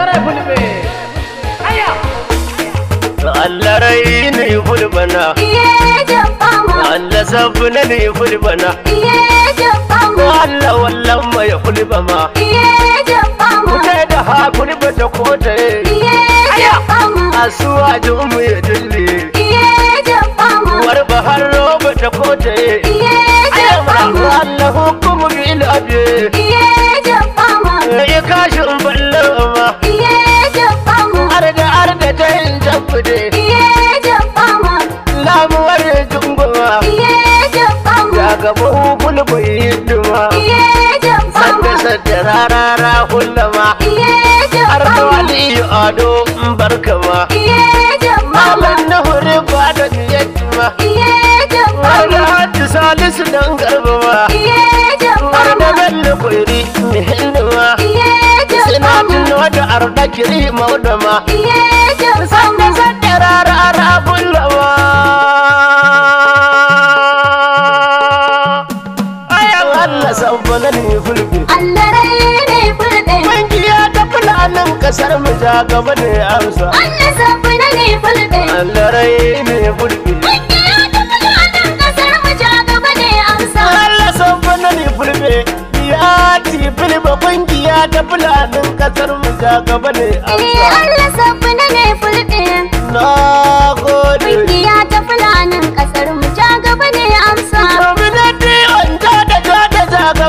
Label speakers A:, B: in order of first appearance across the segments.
A: tare fulbe aya Allah rai ne fulbana iye jabama Allah sabuna ne fulbana iye jabama Allah wallan mai fulbama iye jabama mutai da ha fulbata ko ta iye jabama asuwa jumu ya gode iye jabbama lamuwar junguma iye jabbama ya gaba bulbu hidima iye jabbama sadda sadda rarara hulama iye jabbama har da wali ado barkama iye jabbama malan nahuri bada yajma iye jabbama har da hajji salisu dan garbama iye jabbama har da bello kwairi mihillima iye jabbama sinatin wata, arda kiri maudama iye jabbama san bala ne fulbe allarai ne fulbe kungiya ta nan kasar mu ja gaba ne amsa allah san bala ne fulbe fulbe ta fulanin kasar ja ne amsa allah san ne fulbe ya ci fulbe kungiya ta fulanin kasar mu ja gaba ne amsa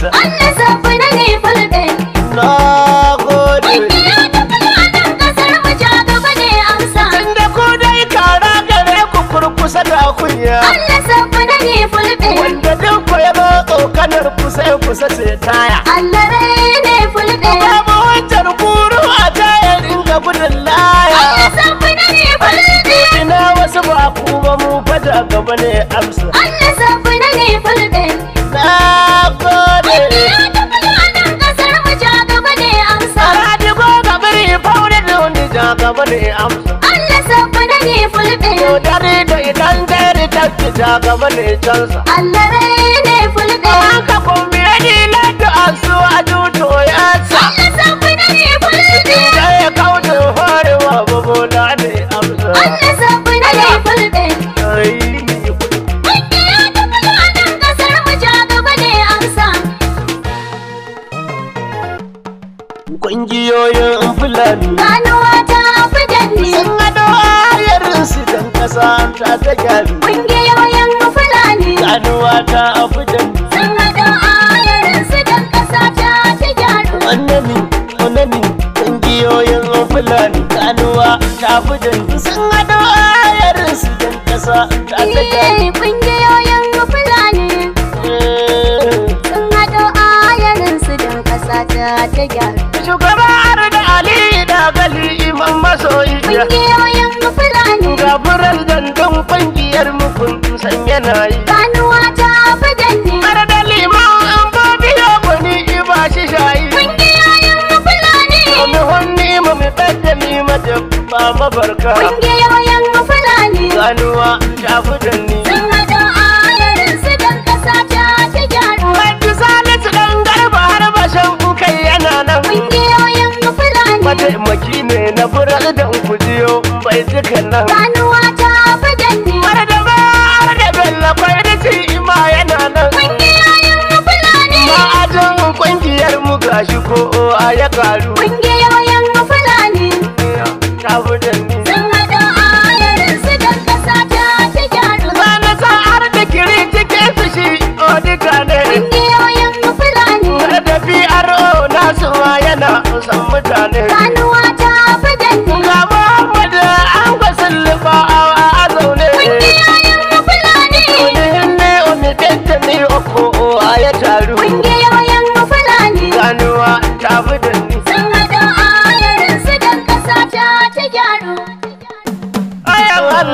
A: Allah safi na ne Na gode. Ƙungiya da fulanin ƙasar mu ku kurkusa da kunya. Allah safi na ne Wanda duk ko ba tsokanar kusa ya kusa ce taya. Allah rai ne fulbe. Ba mu wancan kuru a taya dinga gudun laya. Allah safi na ne Ina wasu ba ku ba mu fada gaba ne amsa. mai amsa Allah sauka da ne fulbe to dare da idan dare ta fita gaba ne cansa Allah rai ne fulbe haka kumbi ni na da asu a duto ya sa Allah sauka da ne fulbe da ya kautu hore wa babu na ne amsa Allah sauka da ne fulbe Ƙungiyoyin Fulani. Ganuwa ta Sun ado ayarin su dan kasa ta ta gyaru. Kungiyoyin Fulani. Ganuwa ta abu da. Sun ado ayarin su dan kasa ta ta gyaru. Onani, onani, kungiyoyin Fulani. Ganuwa ta abu da. Sun ado ayarin su dan kasa ta ta gyaru. Kungiyoyin eh, Fulani. Eh. Sun ado ayarin su dan kasa ta ta gyaru. Shugaba man masoyi da ƙungiyoyin fulani ga furar dandan ƙungiyar mu kun san yanayi kanuwa ta abadan ne har da liman an bodi ya gwani iba shi shayi ƙungiyoyin fulani mu honni mu mu kaddami mata ba mabarka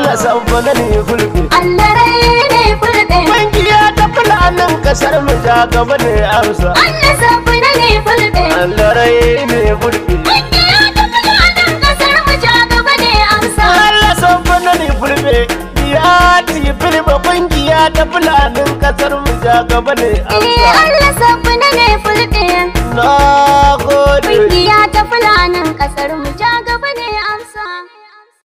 A: Allah san fana ne fulbe Allah rai ne fulbe kungiya ta fulanin kasar mu ta gaba ne amsa Allah san fana ne fulbe Allah rai ne fulbe kungiya ta fulanin kasar mu amsa ne fulbe ya kungiya kasar mu ja gaba ne amsa Allah san fana ne fulbe na gode kungiya ta fulanin kasar mu ta